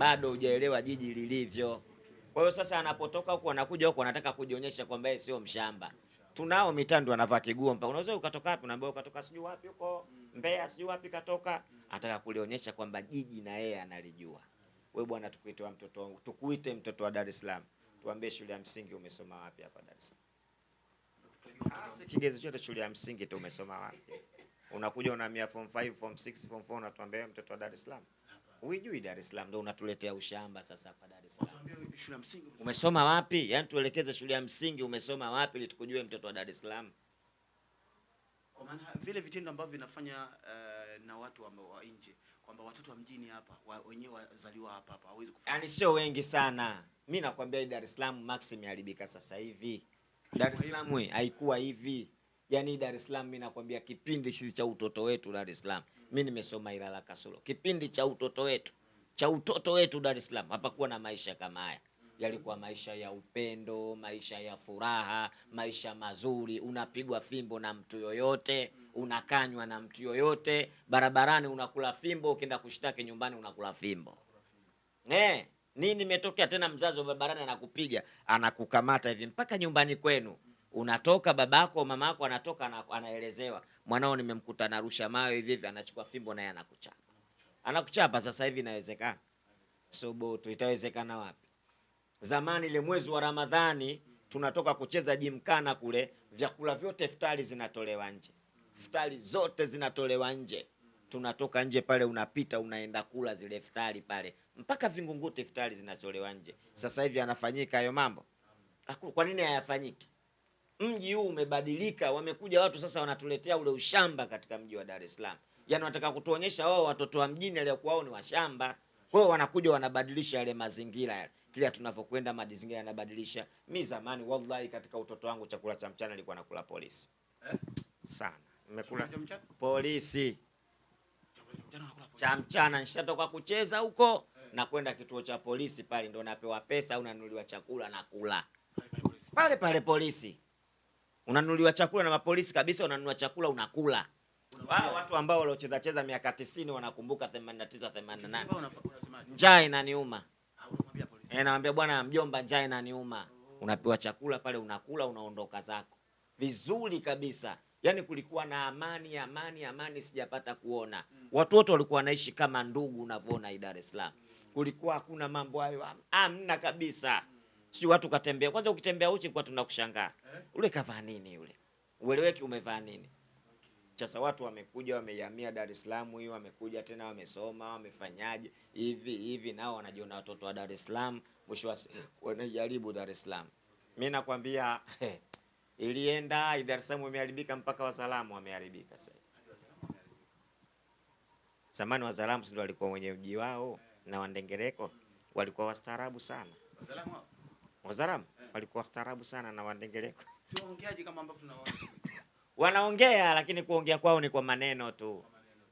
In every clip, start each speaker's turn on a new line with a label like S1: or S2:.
S1: bado hujaelewa jiji lilivyo. Kwa hiyo sasa anapotoka huko anakuja huko anataka kujionyesha kwamba yeye sio mshamba. Tunao mitandu anavaa kiguo mpaka unaweza ukatoka wapi, unaambiwa ukatoka sijui wapi huko Mbeya sijui wapi katoka, anataka kulionyesha kwamba jiji na yeye analijua. Wewe bwana, tukuite wa mtoto wangu, tukuite mtoto wa Dar es Salaam, tuambie shule ya msingi umesoma wapi hapa Dar es Salaam. Hasa ah, kigezo chote shule ya msingi tu umesoma wapi? Unakuja unahamia form 5 form 6 form 4 unatuambia mtoto wa Dar es Salaam. Uijui Dar es Salaam ndio unatuletea ushamba sasa hapa Dar es
S2: Salaam. Shule ya msingi
S1: umesoma wapi? Yaani tuelekeze shule ya msingi umesoma wapi ili tukujue mtoto wa Dar es Salaam.
S2: Kwa maana vile vitendo ambavyo vinafanya uh, na watu ambao wa nje kwamba watoto wa mjini hapa wa, wenyewe wazaliwa hapa hapa hawezi kufanya.
S1: Yaani sio wengi sana. Mimi nakwambia Dar es Salaam max imeharibika sasa hivi. Dar es Salaam haikuwa hivi. Yaani Dar es Salaam mimi nakwambia kipindi hichi cha utoto wetu Dar es Salaam Mm mimi nimesoma Ilala Kasulo, kipindi cha utoto wetu cha utoto wetu Dar es Salaam hapakuwa na maisha kama haya. Yalikuwa maisha ya upendo, maisha ya furaha, maisha mazuri. Unapigwa fimbo na mtu yoyote, unakanywa na mtu yoyote, barabarani unakula fimbo, ukienda kushtaki nyumbani unakula fimbo eh. Nini imetokea tena? Mzazi wa barabarani anakupiga anakukamata hivi mpaka nyumbani kwenu unatoka babako mamako anatoka anaelezewa, mwanao nimemkuta narusha mayo hivi hivi, anachukua fimbo naye anakuchapa, anakuchapa. Sasa hivi inawezekana? Soboto, itawezekana wapi? Zamani ile mwezi wa Ramadhani tunatoka kucheza jimkana kule, vyakula vyote ftari zinatolewa nje, ftari zote zinatolewa nje, tunatoka nje pale, unapita unaenda kula zile ftari pale, mpaka vingunguti ftari zinatolewa nje. Sasa hivi anafanyika hayo mambo? Kwa nini hayafanyiki? mji huu umebadilika, wamekuja watu sasa wanatuletea ule ushamba katika mji wa Dar es Salaam. Yani wanataka kutuonyesha wao watoto wa mjini waliokuwa wao ni washamba. Kwa hiyo wanakuja wanabadilisha yale mazingira yale. Kila tunavyokwenda mazingira yanabadilisha. Mimi zamani wallahi, katika utoto wangu chakula cha mchana nilikuwa nakula polisi. Eh? Sana. Nimekula polisi. Cha mchana nishatoka kucheza huko eh, na kwenda kituo cha polisi pale ndo napewa pesa au nanunuliwa chakula na kula. Pale pale polisi unanunuliwa chakula na mapolisi kabisa, unanunua chakula unakula. Wao watu ambao waliocheza cheza miaka 90 wanakumbuka 89 88. Njaa inaniuma. Ah, eh, naambia bwana mjomba, njaa inaniuma. Unapewa chakula pale unakula, unaondoka zako vizuri kabisa. Yaani kulikuwa na amani, amani, amani sijapata kuona. Mm. Watu wote walikuwa wanaishi kama ndugu unavyoona Dar es Salaam. Kulikuwa hakuna mambo hayo, amna kabisa sio watu katembea. Kwanza ukitembea uchi kwa tunakushangaa eh? ule kavaa nini ule, ueleweki umevaa nini. Sasa watu wamekuja wamehamia Dar es Salaam, hiyo wamekuja tena wamesoma, wamefanyaje hivi hivi, nao wanajiona watoto wa Dar es Salaam, mwisho wa wanajaribu Dar es Salaam. Mimi nakwambia eh, ilienda Dar es Salaam imeharibika, mpaka wasalamu wameharibika sasa. Zamani wasalamu si ndio walikuwa wenye mji wao eh. na Wandengereko walikuwa wastaarabu sana. Wazaramo eh. walikuwa staarabu sana na Wandengereko. Si waongeaji kama ambavyo tunaona. Wanaongea lakini kuongea kwao ni kwa maneno tu.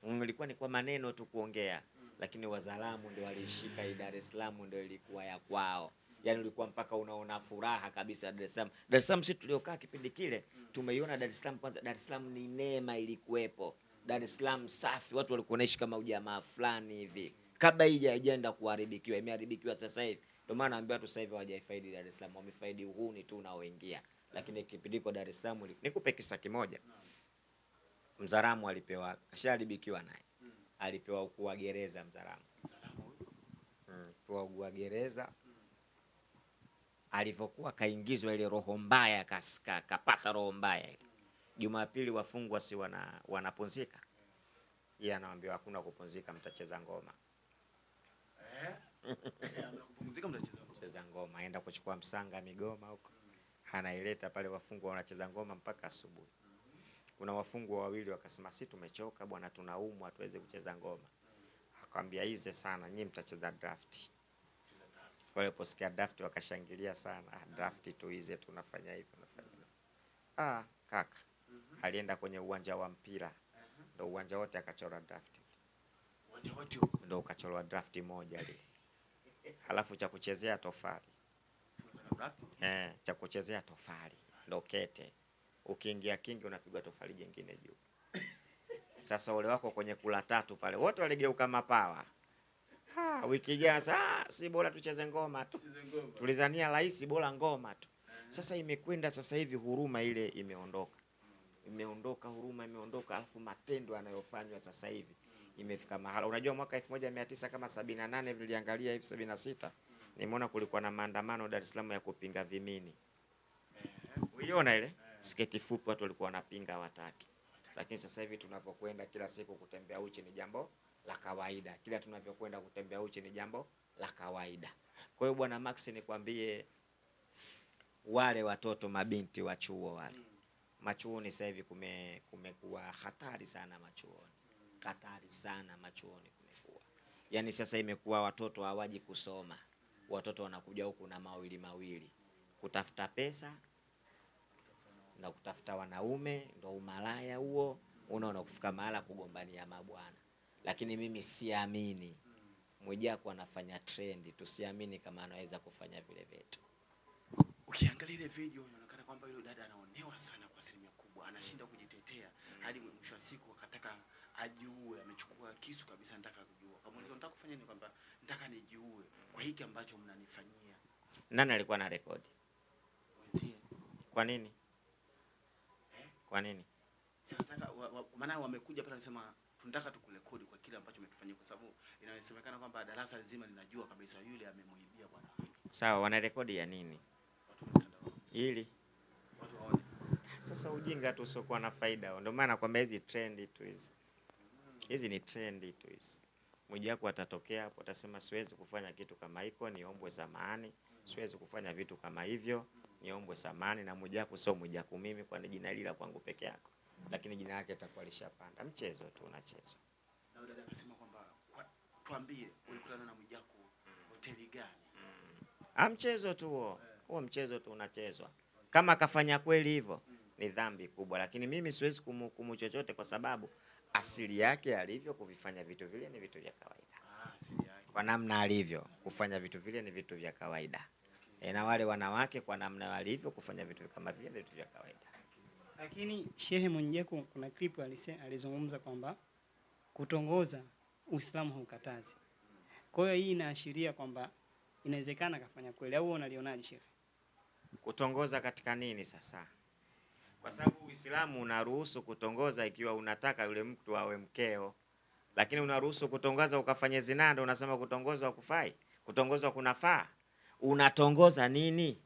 S1: Mm, ilikuwa ni kwa maneno tu kuongea. Mm. Lakini Wazaramo ndio walishika hii Dar es Salaam ndio ilikuwa ya kwao. Yaani ulikuwa mpaka unaona furaha kabisa Dar es Salaam. Dar es Salaam sisi tuliokaa kipindi kile mm. tumeiona Dar es Salaam kwanza. Dar es Salaam ni neema ilikuwepo. Dar es Salaam safi, watu walikuwa naishi kama ujamaa fulani hivi. Kabla hii kuharibikiwa, imeharibikiwa sasa hivi. Ndio maana naambia tu sasa hivi hawajaifaidi Dar es Salaam, wamefaidi uhuni tu unaoingia, lakini kipindi kwa Dar es Salaam. Nikupe kisa kimoja, Mzaramo alipewa, asharibikiwa naye, alipewa ukuu wa gereza Mzaramo, mm, ukuu wa gereza alivyokuwa kaingizwa ile roho mbaya kasika, kapata roho mbaya. Jumapili wafungwa si wana wanapunzika, yeye anawaambia hakuna kupunzika, mtacheza ngoma eh? Cheza ngoma, aenda kuchukua msanga Migoma huko, anaileta pale, wafungwa wanacheza ngoma mpaka asubuhi. Kuna wafungwa wawili wakasema, si tumechoka bwana, tunaumwa hatuwezi kucheza ngoma. Akamwambia ize sana, nyinyi mtacheza draft. Waliposikia draft wakashangilia sana, ah, draft tuize, tunafanya hivi tunafanya hivi. Ah, kaka alienda kwenye uwanja wa mpira ndo uwanja wote akachora draft, ndo ukachorwa draft moja lile halafu cha kuchezea tofali eh, cha kuchezea tofali lokete, ukiingia kingi unapigwa tofali jingine juu. Sasa ule wako kwenye kula tatu pale, wote waligeuka mapawa. Ha, wiki jana saa si bora tucheze ngoma tu, tulizania rahisi, bora ngoma tu. Sasa imekwenda sasa hivi huruma ile imeondoka, imeondoka huruma imeondoka, alafu matendo yanayofanywa sasa hivi imefika mahala. Unajua mwaka 1978 kama 78 viliangalia hivi 76 nimeona kulikuwa na maandamano Dar es Salaam ya kupinga vimini, uiona ile sketi fupi, watu walikuwa wanapinga wataki, lakini sasa hivi tunavyokwenda kila siku kutembea uchi ni jambo la kawaida, kila tunavyokwenda kutembea uchi ni jambo la kawaida. Kwa hiyo bwana Max, nikwambie wale watoto mabinti wa chuo wale machuoni, sasa hivi kume kumekuwa hatari sana machuoni katari sana machuoni kumekuwa. Yaani sasa imekuwa watoto hawaji kusoma, watoto wanakuja huku na mawili mawili, kutafuta pesa na kutafuta wanaume, ndo umalaya huo. Unaona kufika mahala kugombania mabwana, lakini mimi siamini. Mwijaku anafanya trendi, tusiamini kama anaweza kufanya vile vitu.
S2: Ukiangalia ile video inaonekana kwamba yule dada anaonewa sana kwa asilimia kubwa, anashinda kujitetea hadi mwisho wa siku akataka ajiue, amechukua kisu kabisa, nataka kujua. Kamuuliza, mm. nataka kufanya nini? Kwamba nataka nijiue mm. kwa hiki ambacho mnanifanyia.
S1: Nani alikuwa na rekodi? Wenzie. Kwa nini? Eh? Kwa nini?
S2: Nataka wa, maana wamekuja pale wanasema tunataka tukurekodi kwa kile ambacho umetufanyia, kwa sababu inasemekana kwamba darasa lizima linajua kabisa yule amemwibia bwana.
S1: Sawa, wana wanarekodi ya nini? Ili watu waone. Sasa ujinga tu usiokuwa na faida, ndio maana nakwambia hizi trendi tu hizi hizi ni trendi tu hizi. Mwijaku atatokea hapo atasema, siwezi kufanya kitu kama hiko, niombwe samahani, siwezi kufanya vitu kama hivyo, niombwe samahani. Na Mwijaku sio Mwijaku mimi, kwani jina lila kwangu peke yako, lakini jina yake atakuwa lishapanda. Mchezo tu unachezwa.
S2: Na dada akasema kwamba tuambie, ulikutana na Mwijaku hoteli gani? Mm.
S1: Ah, mchezo tu huo huo, mchezo tu unachezwa. Kama akafanya kweli hivyo ni dhambi kubwa, lakini mimi siwezi kumhukumu chochote kwa sababu asili yake alivyo, kuvifanya vitu vile ni vitu vya kawaida ah, kwa namna alivyo kufanya vitu vile ni vitu vya kawaida e, na wale wanawake kwa namna walivyo kufanya vitu kama vile ni vitu vya kawaida.
S3: Lakini Shehe mwenjeku kuna clip alizungumza kwamba kutongoza Uislamu haukatazi. Kwa hiyo hii inaashiria kwamba inawezekana kafanya kweli, au unalionaje Shehe?
S1: Kutongoza katika nini sasa? kwa sababu Uislamu unaruhusu kutongoza ikiwa unataka yule mtu awe mkeo, lakini unaruhusu kutongoza ukafanye zinaa, ndio unasema kutongozwa kufai, kutongozwa kunafaa? Unatongoza nini?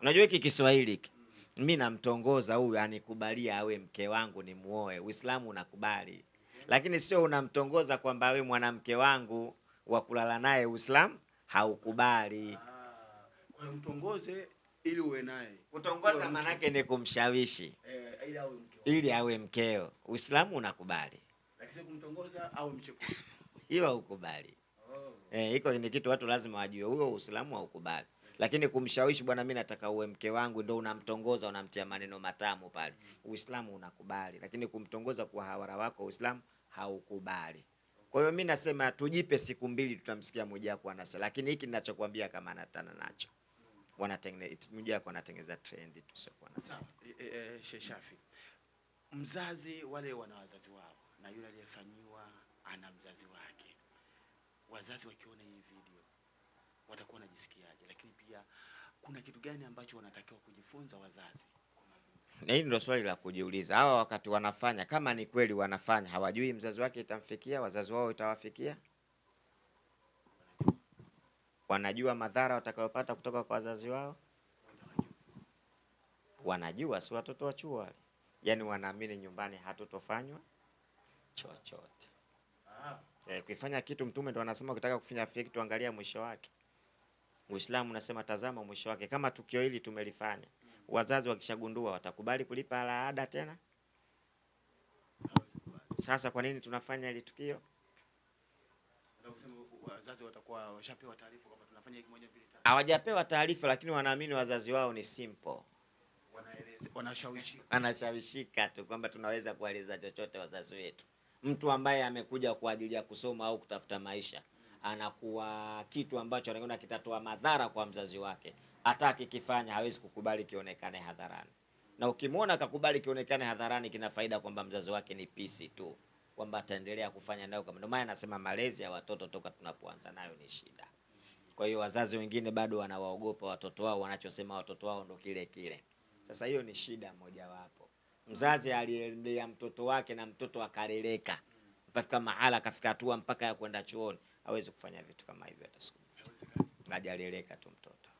S1: Unajua hiki Kiswahili hiki, mimi namtongoza huyu anikubalia awe mke wangu nimuoe. Uislamu unakubali, lakini sio unamtongoza kwamba awe mwanamke wangu wa kulala naye. Uislamu haukubali. Ah,
S2: kwa mtongoze ili uwe naye.
S1: Kutongoza manake ni kumshawishi eh, ili awe mkeo, ili awe mkeo. Uislamu unakubali,
S2: lakini kumtongoza awe mchekuzi
S1: hiyo haukubali. Oh. Eh, iko ni kitu watu lazima wajue, huo Uislamu haukubali lakini kumshawishi bwana, mimi nataka uwe mke wangu, ndio unamtongoza, unamtia maneno matamu pale. Uislamu unakubali, lakini kumtongoza kwa hawara wako Uislamu haukubali. Kwa hiyo mimi nasema tujipe siku mbili, tutamsikia Mwijaku anasema, lakini hiki ninachokwambia kama anatana nacho wanatengeneza wanatengeneza trend tusiokuwa
S2: na sawa. E, e, mzazi wale wana wazazi wao na yule aliyefanyiwa ana mzazi wake. Wazazi wakiona hii video watakuwa wanajisikiaje? Lakini pia kuna kitu gani ambacho wanatakiwa kujifunza wazazi?
S1: Na hili ndio swali la kujiuliza. Hawa wakati wanafanya, kama ni kweli wanafanya, hawajui mzazi wake itamfikia, wazazi wao itawafikia wanajua madhara watakayopata kutoka kwa wazazi wao? Wanajua, si watoto wa chuo wale. Yaani wanaamini nyumbani hatutofanywa chochote. E, kuifanya kitu Mtume ndo anasema ukitaka kufanya kitu angalia mwisho wake. Uislamu unasema tazama mwisho wake. Kama tukio hili tumelifanya, wazazi wakishagundua watakubali kulipa ada tena? Sasa kwa nini tunafanya hili tukio? Hawajapewa taarifa, lakini wanaamini wazazi wao ni simple,
S2: wanashawishika,
S1: wanashawishika tu kwamba tunaweza kueleza chochote wazazi wetu. Mtu ambaye amekuja kwa ajili ya kusoma au kutafuta maisha anakuwa kitu ambacho anaona kitatoa madhara kwa mzazi wake, hata akikifanya hawezi kukubali kionekane hadharani, na ukimwona akakubali kionekane hadharani, kina faida kwamba mzazi wake ni pisi tu kwamba ataendelea kufanya nayo kama. Ndio maana nasema malezi ya watoto toka tunapoanza nayo ni shida. Kwa hiyo wazazi wengine bado wanawaogopa watoto wao, wanachosema watoto wao ndo kile kile. Sasa hiyo ni shida mojawapo. Mzazi aliyelea mtoto wake na mtoto akaleleka pafika mahala akafika hatua mpaka ya kwenda chuoni, hawezi kufanya vitu kama hivyo, hata siku hajaleleka tu mtoto.